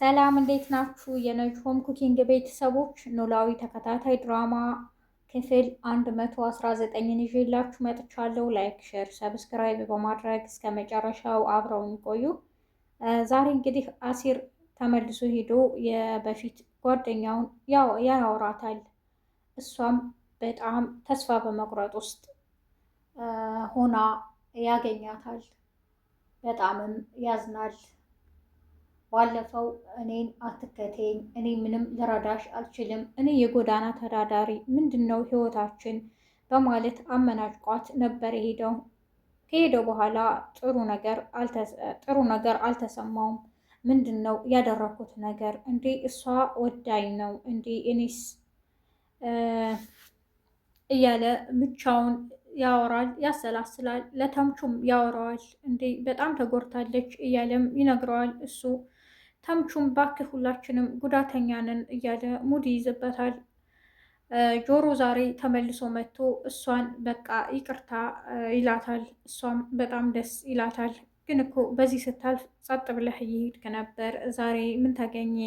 ሰላም እንዴት ናችሁ? የነጅሆም ኩኪንግ ቤተሰቦች ኖላዊ ተከታታይ ድራማ ክፍል 119ን ይዤላችሁ መጥቻለሁ። ላይክ፣ ሼር፣ ሰብስክራይብ በማድረግ እስከ መጨረሻው አብረውን ቆዩ። ዛሬ እንግዲህ አሲር ተመልሶ ሄዶ የበፊት ጓደኛውን ያወራታል። እሷም በጣም ተስፋ በመቁረጥ ውስጥ ሆና ያገኛታል። በጣምም ያዝናል። ባለፈው እኔን አትከቴኝ፣ እኔ ምንም ልረዳሽ አልችልም፣ እኔ የጎዳና ተዳዳሪ ምንድን ነው ህይወታችን በማለት አመናጭቋት ነበር የሄደው። ከሄደው በኋላ ጥሩ ነገር አልተሰማውም። ምንድን ነው ያደረኩት ነገር እንዴ? እሷ ወዳኝ ነው እንዴ? እኔስ እያለ ብቻውን ያወራል፣ ያሰላስላል። ለተምቹም ያወራዋል። እንዴ በጣም ተጎድታለች እያለም ይነግረዋል እሱ ተምቹም ባክ ሁላችንም ጉዳተኛ ነን እያለ ሙድ ይይዝበታል። ጆሮ ዛሬ ተመልሶ መጥቶ እሷን በቃ ይቅርታ ይላታል። እሷም በጣም ደስ ይላታል። ግን እኮ በዚህ ስታልፍ ጸጥ ብለህ እየሄድክ ነበር፣ ዛሬ ምን ተገኘ?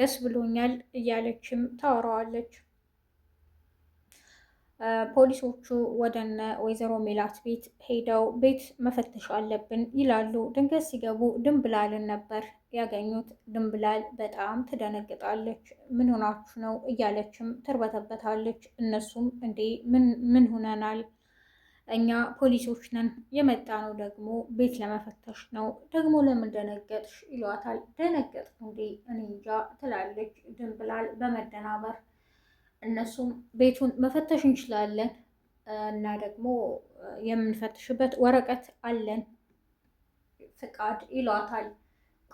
ደስ ብሎኛል እያለችም ታወራዋለች። ፖሊሶቹ ወደነ ወይዘሮ ሜላት ቤት ሄደው ቤት መፈተሽ አለብን ይላሉ። ድንገት ሲገቡ ድንብላልን ነበር ያገኙት። ድንብላል በጣም ትደነግጣለች። ምን ሆናችሁ ነው እያለችም ትርበተበታለች። እነሱም እንዴ ምን ሆነናል? እኛ ፖሊሶች ነን የመጣ ነው ደግሞ ቤት ለመፈተሽ ነው ደግሞ ለምን ደነገጥሽ? ይሏታል። ደነገጥ እንዴ እኔ እንጃ ትላለች ድንብላል በመደናበር እነሱም ቤቱን መፈተሽ እንችላለን እና ደግሞ የምንፈትሽበት ወረቀት አለን ፍቃድ ይሏታል።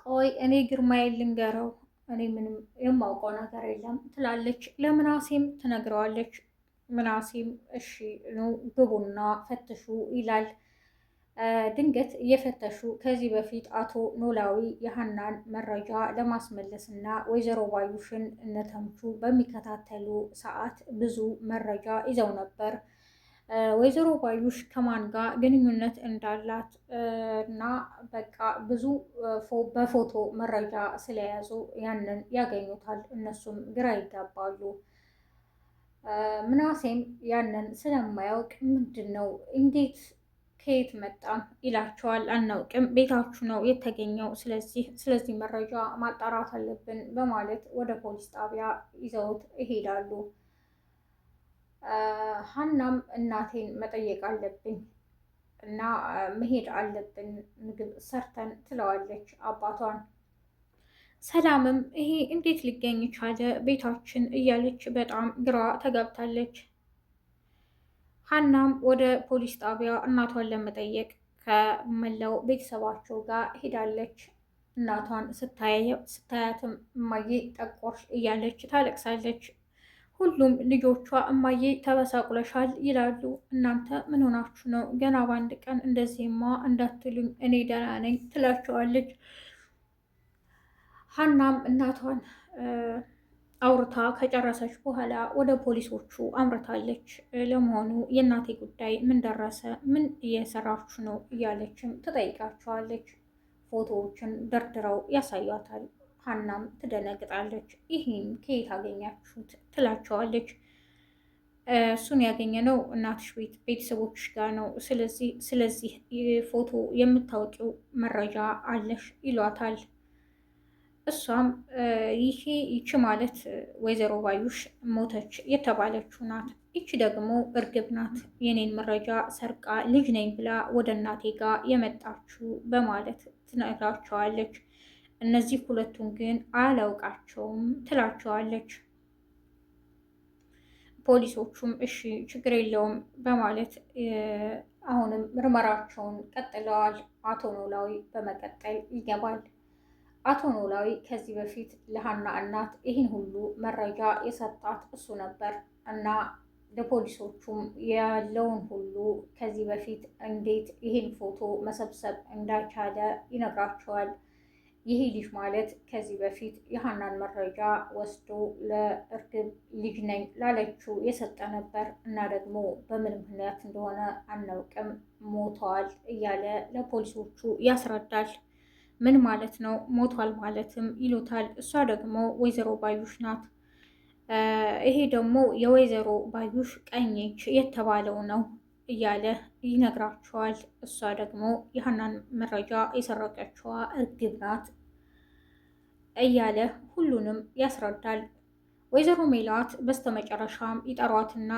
ቆይ እኔ ግርማዬ ልንገረው፣ እኔ ምንም የማውቀው ነገር የለም ትላለች። ለምናሴም ትነግረዋለች። ምናሴም እሺ ግቡና ፈትሹ ይላል። ድንገት እየፈተሹ ከዚህ በፊት አቶ ኖላዊ የሀናን መረጃ ለማስመለስ እና ወይዘሮ ባዩሽን እነተምቹ በሚከታተሉ ሰዓት ብዙ መረጃ ይዘው ነበር። ወይዘሮ ባዩሽ ከማን ጋር ግንኙነት እንዳላት እና በቃ ብዙ በፎቶ መረጃ ስለያዙ ያንን ያገኙታል። እነሱም ግራ ይጋባሉ። ምናሴም ያንን ስለማያውቅ ምንድን ነው እንዴት ከየት መጣ ይላቸዋል። አናውቅም፣ ቤታችሁ ነው የተገኘው፣ ስለዚህ ስለዚህ መረጃ ማጣራት አለብን በማለት ወደ ፖሊስ ጣቢያ ይዘውት ይሄዳሉ። ሀናም እናቴን መጠየቅ አለብኝ እና መሄድ አለብን ምግብ ሰርተን ትለዋለች አባቷን። ሰላምም ይሄ እንዴት ሊገኝ ቻለ ቤታችን እያለች በጣም ግራ ተጋብታለች። ሀናም ወደ ፖሊስ ጣቢያ እናቷን ለመጠየቅ ከመላው ቤተሰባቸው ጋር ሄዳለች። እናቷን ስታያትም እማዬ ጠቆርሽ እያለች ታለቅሳለች። ሁሉም ልጆቿ እማዬ ተበሳቁለሻል ይላሉ። እናንተ ምን ሆናችሁ ነው? ገና በአንድ ቀን እንደዚህማ እንዳትሉኝ እኔ ደህና ነኝ ትላቸዋለች። ሀናም እናቷን አውርታ ከጨረሰች በኋላ ወደ ፖሊሶቹ አምርታለች። ለመሆኑ የእናቴ ጉዳይ ምን ደረሰ? ምን እየሰራችሁ ነው? እያለችም ትጠይቃቸዋለች። ፎቶዎችን ደርድረው ያሳያታል። ሀናም ትደነግጣለች። ይህን ከየት አገኛችሁት? ትላቸዋለች። እሱን ነው እናትሽ ቤት ቤተሰቦችሽ ጋር ነው። ስለዚህ ስለዚህ ፎቶ የምታወቂው መረጃ አለሽ? ይሏታል። እሷም ይሄ ይቺ ማለት ወይዘሮ ባዩሽ ሞተች የተባለችው ናት። ይቺ ደግሞ እርግብ ናት፣ የኔን መረጃ ሰርቃ ልጅ ነኝ ብላ ወደ እናቴ ጋር የመጣችው በማለት ትነግራቸዋለች። እነዚህ ሁለቱን ግን አላውቃቸውም ትላቸዋለች። ፖሊሶቹም እሺ ችግር የለውም በማለት አሁንም ምርመራቸውን ቀጥለዋል። አቶ ኖላዊ በመቀጠል ይገባል። አቶ ኖላዊ ከዚህ በፊት ለሀና እናት ይህን ሁሉ መረጃ የሰጣት እሱ ነበር እና ለፖሊሶቹም ያለውን ሁሉ ከዚህ በፊት እንዴት ይህን ፎቶ መሰብሰብ እንዳቻለ ይነግራቸዋል። ይህ ልጅ ማለት ከዚህ በፊት የሀናን መረጃ ወስዶ ለእርግብ ልጅ ነኝ ላለችው የሰጠ ነበር እና ደግሞ በምን ምክንያት እንደሆነ አናውቅም ሞተዋል እያለ ለፖሊሶቹ ያስረዳል። ምን ማለት ነው ሞቷል ማለትም ይሉታል። እሷ ደግሞ ወይዘሮ ባዩሽ ናት። ይሄ ደግሞ የወይዘሮ ባዩሽ ቀኝ እጅ የተባለው ነው እያለ ይነግራቸዋል። እሷ ደግሞ የሀናን መረጃ የሰረቀችዋ እርግብ ናት እያለ ሁሉንም ያስረዳል። ወይዘሮ ሜላት በስተመጨረሻም ይጠሯትና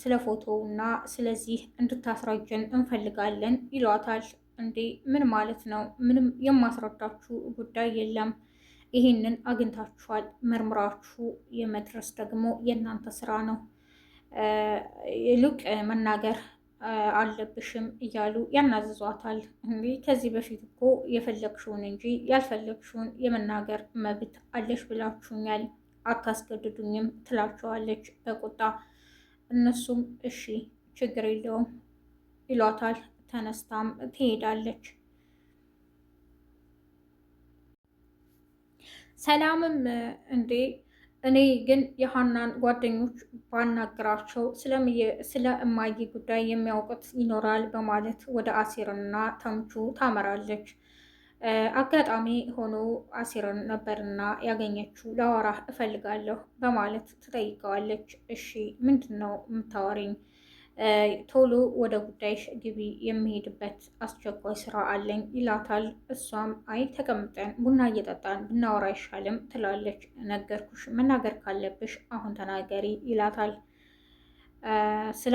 ስለ ፎቶውና ስለዚህ እንድታስረጅን እንፈልጋለን ይሏታል። እንዴ ምን ማለት ነው? ምንም የማስረዳችሁ ጉዳይ የለም። ይህንን አግኝታችኋል፣ መርምራችሁ የመድረስ ደግሞ የእናንተ ስራ ነው። ይልቅ መናገር አለብሽም እያሉ ያናዝዟታል። እንግዲህ ከዚህ በፊት እኮ የፈለግሽውን እንጂ ያልፈለግሽውን የመናገር መብት አለሽ ብላችሁኛል፣ አታስገድዱኝም ትላቸዋለች በቁጣ እነሱም እሺ ችግር የለውም ይሏታል። ተነስታም ትሄዳለች። ሰላምም እንዴ እኔ ግን የሀናን ጓደኞች ባናግራቸው ስለ እማዬ ጉዳይ የሚያውቁት ይኖራል በማለት ወደ አሲርና ተምቹ ታመራለች። አጋጣሚ ሆኖ አሲርን ነበርና ያገኘችው ላወራህ እፈልጋለሁ በማለት ትጠይቀዋለች። እሺ ምንድን ነው የምታወሪኝ? ቶሎ ወደ ጉዳይሽ ግቢ፣ የሚሄድበት አስቸኳይ ስራ አለኝ ይላታል። እሷም አይ ተቀምጠን ቡና እየጠጣን ብናወራ አይሻልም ትላለች። ነገርኩሽ፣ መናገር ካለብሽ አሁን ተናገሪ ይላታል። ስለ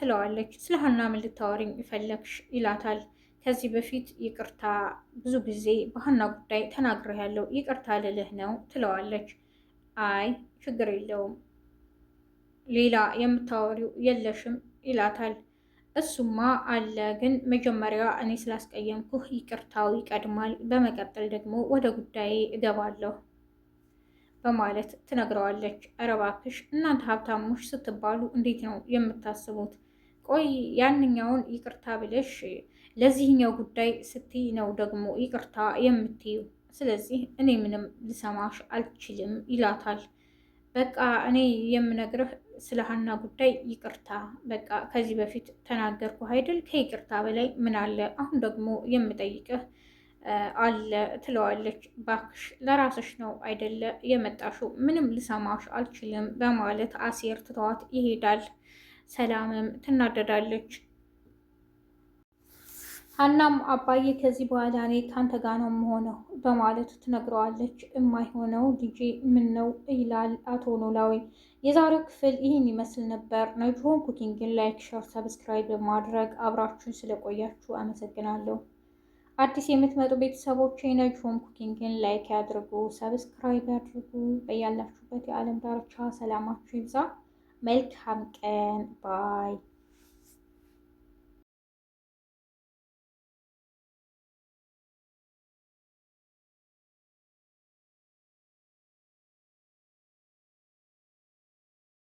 ትለዋለች። ስለ ምን ልታወሪኝ ይላታል። ከዚህ በፊት ይቅርታ ብዙ ጊዜ በሀና ጉዳይ ያለው ይቅርታ ልልህ ነው ትለዋለች። አይ ችግር የለውም ሌላ የምታወሪው የለሽም ይላታል። እሱማ አለ፣ ግን መጀመሪያ እኔ ስላስቀየምኩህ ይቅርታው ይቀድማል፣ በመቀጠል ደግሞ ወደ ጉዳዬ እገባለሁ በማለት ትነግረዋለች። ኧረ እባክሽ እናንተ ሀብታሞች ስትባሉ እንዴት ነው የምታስቡት? ቆይ ያንኛውን ይቅርታ ብለሽ ለዚህኛው ጉዳይ ስትይ ነው ደግሞ ይቅርታ የምትዩ። ስለዚህ እኔ ምንም ልሰማሽ አልችልም ይላታል። በቃ እኔ የምነግርህ ስለ ሀና ጉዳይ ይቅርታ በቃ ከዚህ በፊት ተናገርኩ አይደል? ከይቅርታ በላይ ምን አለ? አሁን ደግሞ የምጠይቅህ አለ ትለዋለች። ባክሽ ለራስሽ ነው አይደለ የመጣሽው? ምንም ልሰማሽ አልችልም በማለት አሴር ትተዋት ይሄዳል። ሰላምም ትናደዳለች። ሀናም አባዬ ከዚህ በኋላ እኔ ካንተ ጋር ነው የምሆነው በማለቱ ትነግረዋለች። የማይሆነው ልጄ ምን ነው ይላል አቶ ኖላዊ። የዛሬው ክፍል ይህን ይመስል ነበር። ነጅሆን ኩኪንግን ላይክ፣ ሸር፣ ሰብስክራይብ በማድረግ አብራችሁን ስለቆያችሁ አመሰግናለሁ። አዲስ የምትመጡ ቤተሰቦች ነጅሆን ኩኪንግን ላይክ ያድርጉ፣ ሰብስክራይብ ያድርጉ። በያላችሁበት የዓለም ዳርቻ ሰላማችሁ ይብዛ። መልካም ቀን ባይ